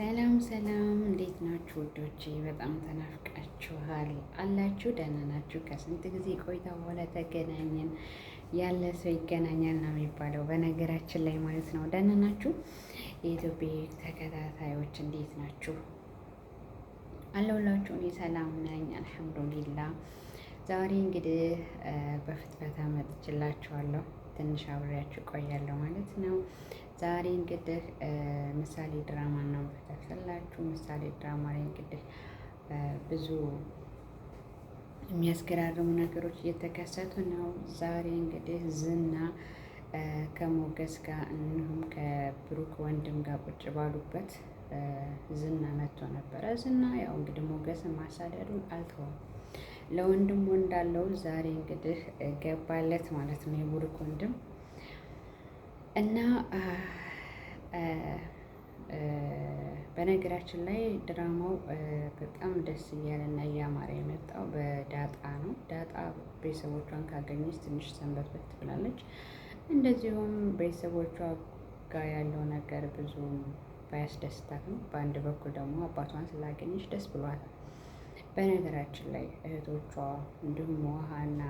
ሰላም ሰላም፣ እንዴት ናችሁ ውዶቼ? በጣም ተናፍቃችኋል አላችሁ? ደህና ናችሁ? ከስንት ጊዜ ቆይታ በኋላ ተገናኘን። ያለ ሰው ይገናኛል ነው የሚባለው በነገራችን ላይ ማለት ነው። ደህና ናችሁ የኢትዮጵያ ተከታታዮች? እንዴት ናችሁ አለሁላችሁ። እኔ ሰላም ነኝ አልሐምዱሊላ። ዛሬ እንግዲህ በፍትፈታ መጥችላችኋለሁ። ትንሽ አብሬያችሁ ቆያለሁ ማለት ነው። ዛሬ እንግዲህ ምሳሌ ድራማ ነው የምከታተላችሁ። ምሳሌ ድራማ ላይ እንግዲህ ብዙ የሚያስገራርሙ ነገሮች እየተከሰቱ ነው። ዛሬ እንግዲህ ዝና ከሞገስ ጋር እንዲሁም ከብሩክ ወንድም ጋር ቁጭ ባሉበት ዝና መጥቶ ነበረ። ዝና ያው እንግዲህ ሞገስን ማሳደዱን አልተውም ለወንድሙ እንዳለው ዛሬ እንግዲህ ገባለት ማለት ነው የብሩክ ወንድም እና በነገራችን ላይ ድራማው በጣም ደስ እና እያማረ የመጣው በዳጣ ነው። ዳጣ ቤተሰቦቿን ካገኘች ትንሽ በት ትብላለች። እንደዚሁም ቤተሰቦቿ ጋር ያለው ነገር ብዙ ባያስደስታትም በአንድ በኩል ደግሞ አባቷን ስላገኘች ደስ ብሏታል። በነገራችን ላይ እህቶቿ እንዲሁም ውሃና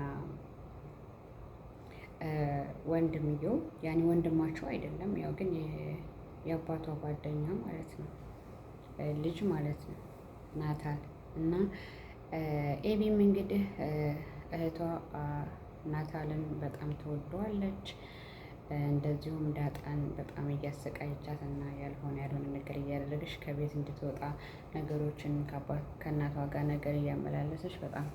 ወንድምየው ያኔ ወንድማቸው አይደለም፣ ያው ግን የአባቷ ጓደኛ ማለት ነው ልጅ ማለት ነው ናታል እና ኤቢም እንግዲህ እህቷ ናታልን በጣም ትወደዋለች። እንደዚሁም ዳጣን በጣም እያሰቃየቻት እና ያልሆነ ያልሆነ ነገር እያደረገች ከቤት እንድትወጣ ነገሮችን ከእናቷ ጋር ነገር እያመላለሰች በጣም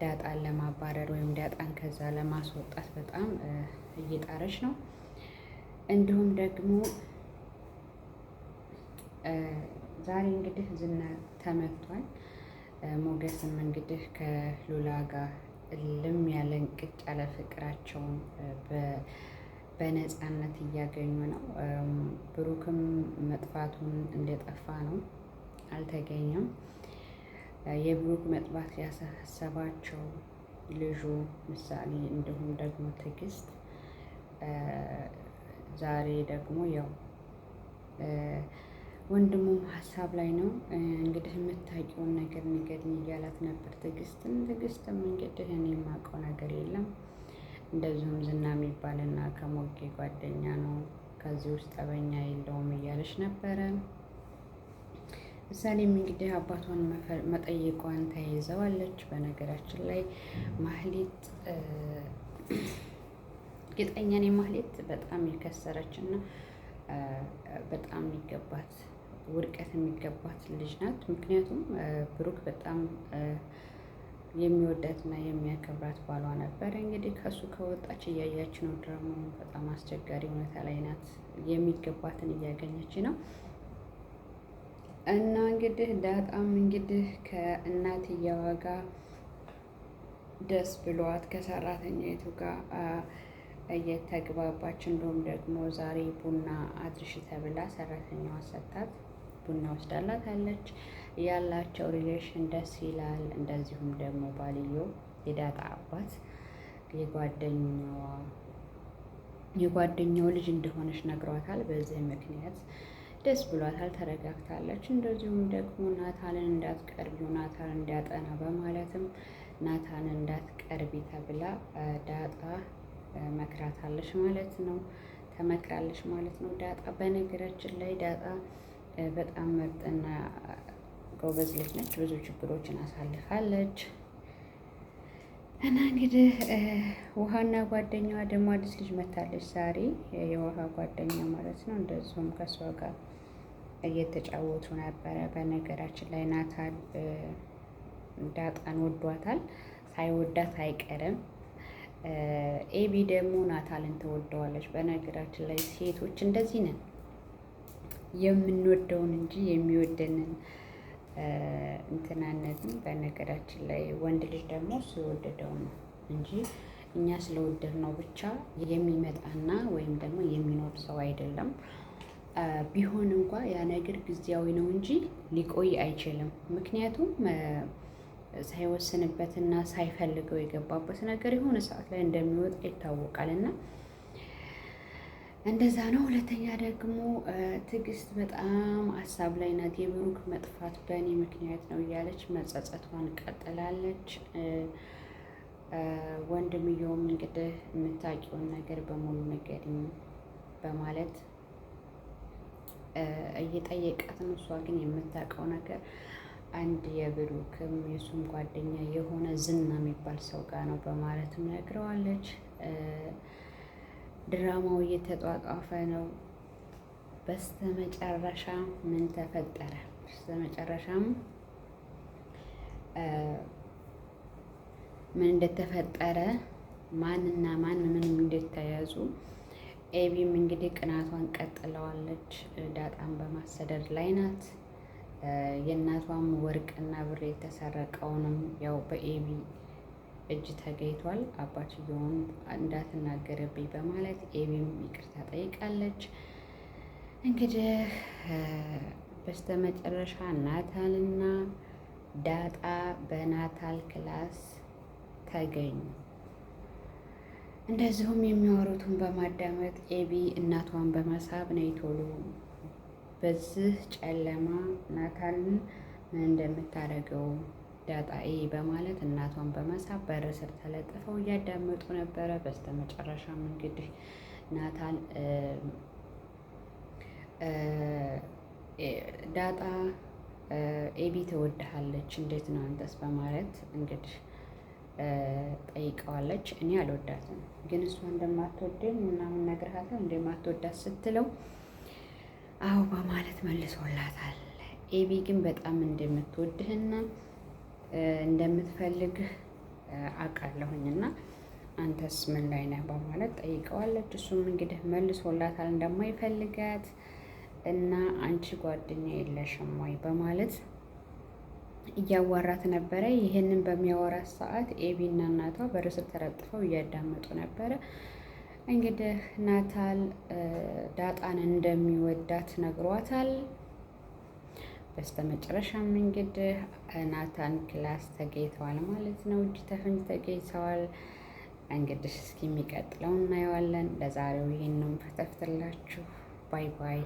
ዳጣን ለማባረር ወይም ዳጣን ከዛ ለማስወጣት በጣም እየጣረች ነው። እንዲሁም ደግሞ ዛሬ እንግዲህ ዝና ተመቷል። ሞገስም እንግዲህ ከሉላ ጋር ልም ያለ እንቅጭ ያለ ፍቅራቸውን በነፃነት እያገኙ ነው። ብሩክም መጥፋቱን እንደጠፋ ነው፣ አልተገኘም። የብሩክ መጥባት ሊያሳሰባቸው ልጁ ምሳሌ እንዲሁም ደግሞ ትዕግስት ዛሬ ደግሞ ያው ወንድሙም ሀሳብ ላይ ነው እንግዲህ የምታውቂውን ነገር ንገሪኝ እያላት ነበር ትዕግስትም ትዕግስትም እንግዲህ እኔ የማውቀው ነገር የለም እንደዚሁም ዝና የሚባልና ከሞጌ ጓደኛ ነው ከዚህ ውስጥ ጠበኛ የለውም እያለች ነበረ ምሳሌም እንግዲህ አባቷን መጠየቋን ተያይዘዋለች። በነገራችን ላይ ማህሌት ግጠኛ ነኝ ማህሌት በጣም የከሰረች እና በጣም የሚገባት ውድቀት የሚገባት ልጅ ናት። ምክንያቱም ብሩክ በጣም የሚወዳትና የሚያከብራት ባሏ ነበር። እንግዲህ ከእሱ ከወጣች እያያች ነው በጣም አስቸጋሪ ሁኔታ ላይ ናት። የሚገባትን እያገኘች ነው። እና እንግዲህ ዳጣም እንግዲህ ከእናትየዋ ጋር ደስ ብሏት ከሰራተኛይቱ ጋር እየተግባባች እንደውም ደግሞ ዛሬ ቡና አድርሽ ተብላ ሰራተኛዋ ሰታት ቡና ወስዳላት ያላቸው ሪሌሽን ደስ ይላል። እንደዚሁም ደግሞ ባልየው የዳጣ አባት የጓደኛዋ የጓደኛው ልጅ እንደሆነች ነግሯታል። በዚህ ምክንያት ደስ ብሏታል፣ ተረጋግታለች። እንደዚሁም ደግሞ ናታንን እንዳትቀርቢ ናታን እንዲያጠና በማለትም ናታንን እንዳትቀርቢ ተብላ ዳጣ መክራታለች ማለት ነው። ተመክራለች ማለት ነው። ዳጣ በነገራችን ላይ ዳጣ በጣም ምርጥና ጎበዝ ልጅ ነች። ብዙ ችግሮችን አሳልፋለች። እና እንግዲህ ውሃና ጓደኛዋ ደግሞ አዲስ ልጅ መታለች ዛሬ የውሃ ጓደኛ ማለት ነው። እንደዚሁም ከሷ ጋር እየተጫወቱ ነበረ። በነገራችን ላይ ናታል ዳጣን ወዷታል፣ ሳይወዳት አይቀርም። ኤቢ ደግሞ ናታልን ትወደዋለች። በነገራችን ላይ ሴቶች እንደዚህ ነን፣ የምንወደውን እንጂ የሚወደንን እንትና አነግም። በነገራችን ላይ ወንድ ልጅ ደግሞ እሱ ነው እንጂ እኛ ስለወደድ ነው ብቻ የሚመጣና ወይም ደግሞ የሚኖር ሰው አይደለም። ቢሆን እንኳ ያ ነገር ጊዜያዊ ነው እንጂ ሊቆይ አይችልም። ምክንያቱም ሳይወስንበትና ሳይፈልገው የገባበት ነገር የሆነ ሰዓት ላይ እንደሚወጣ ይታወቃል እና እንደዛ ነው። ሁለተኛ ደግሞ ትዕግስት በጣም ሀሳብ ላይ ናት። የብሩክ መጥፋት በእኔ ምክንያት ነው እያለች መጸጸቷን ቀጥላለች። ወንድምየውም እንግዲህ የምታውቂውን ነገር በሙሉ ንገሪኝ በማለት እየጠየቃት ነው። እሷ ግን የምታውቀው ነገር አንድ የብሩክም የሱም ጓደኛ የሆነ ዝና የሚባል ሰው ጋር ነው በማለትም ነግረዋለች። ድራማው እየተጧጧፈ ነው። በስተመጨረሻ ምን ተፈጠረ? በስተመጨረሻም ምን እንደተፈጠረ ማንና ማን ምን እንደተያዙ ኤቢም እንግዲህ ቅናቷን ቀጥለዋለች። ዳጣን በማሰደድ ላይ ናት። የእናቷም ወርቅና ብር የተሰረቀውንም ያው በኤቢ እጅ ተገኝቷል። አባትየውም እንዳትናገረብኝ በማለት ኤቢም ይቅርታ ጠይቃለች። እንግዲህ በስተመጨረሻ ናታልና ዳጣ በናታል ክላስ ተገኙ። እንደዚሁም የሚያወሩትን በማዳመጥ ኤቢ እናቷን በመሳብ ነይ ቶሎ በዚህ ጨለማ ናታልን ምን እንደምታደርገው ዳጣ ኤ በማለት እናቷን በመሳብ በር ስር ተለጥፈው እያዳመጡ ነበረ። በስተመጨረሻም እንግዲህ ናታን ዳጣ ኤቢ ትወድሃለች፣ እንዴት ነው አንተስ? በማለት እንግዲህ ጠይቀዋለች። እኔ አልወዳትም፣ ግን እሷ እንደማትወደኝ ምናምን ነግርሃለሁ እንደማትወዳት ስትለው አዎ በማለት መልሶላታል። ኤቢ ግን በጣም እንደምትወድህና እንደምትፈልግህ አውቃለሁኝ እና አንተስ ምን ላይ ነህ በማለት ጠይቀዋለች። እሱም እንግዲህ መልሶላታል እንደማይፈልጋት እና አንቺ ጓደኛ የለሽም ወይ በማለት እያዋራት ነበረ። ይህንን በሚያወራት ሰዓት ኤቢና እናቷ በርስብ ተለጥፈው እያዳመጡ ነበረ። እንግዲህ ናታል ዳጣን እንደሚወዳት ነግሯታል። በስተመጨረሻም እንግዲህ ናታን ክላስ ተገኝተዋል ማለት ነው። እጅ ተፍንጅ ተገኝተዋል። እንግዲህ እስኪ የሚቀጥለው እናየዋለን። ለዛሬው ይህንም ፈተፍትላችሁ ባይ ባይ።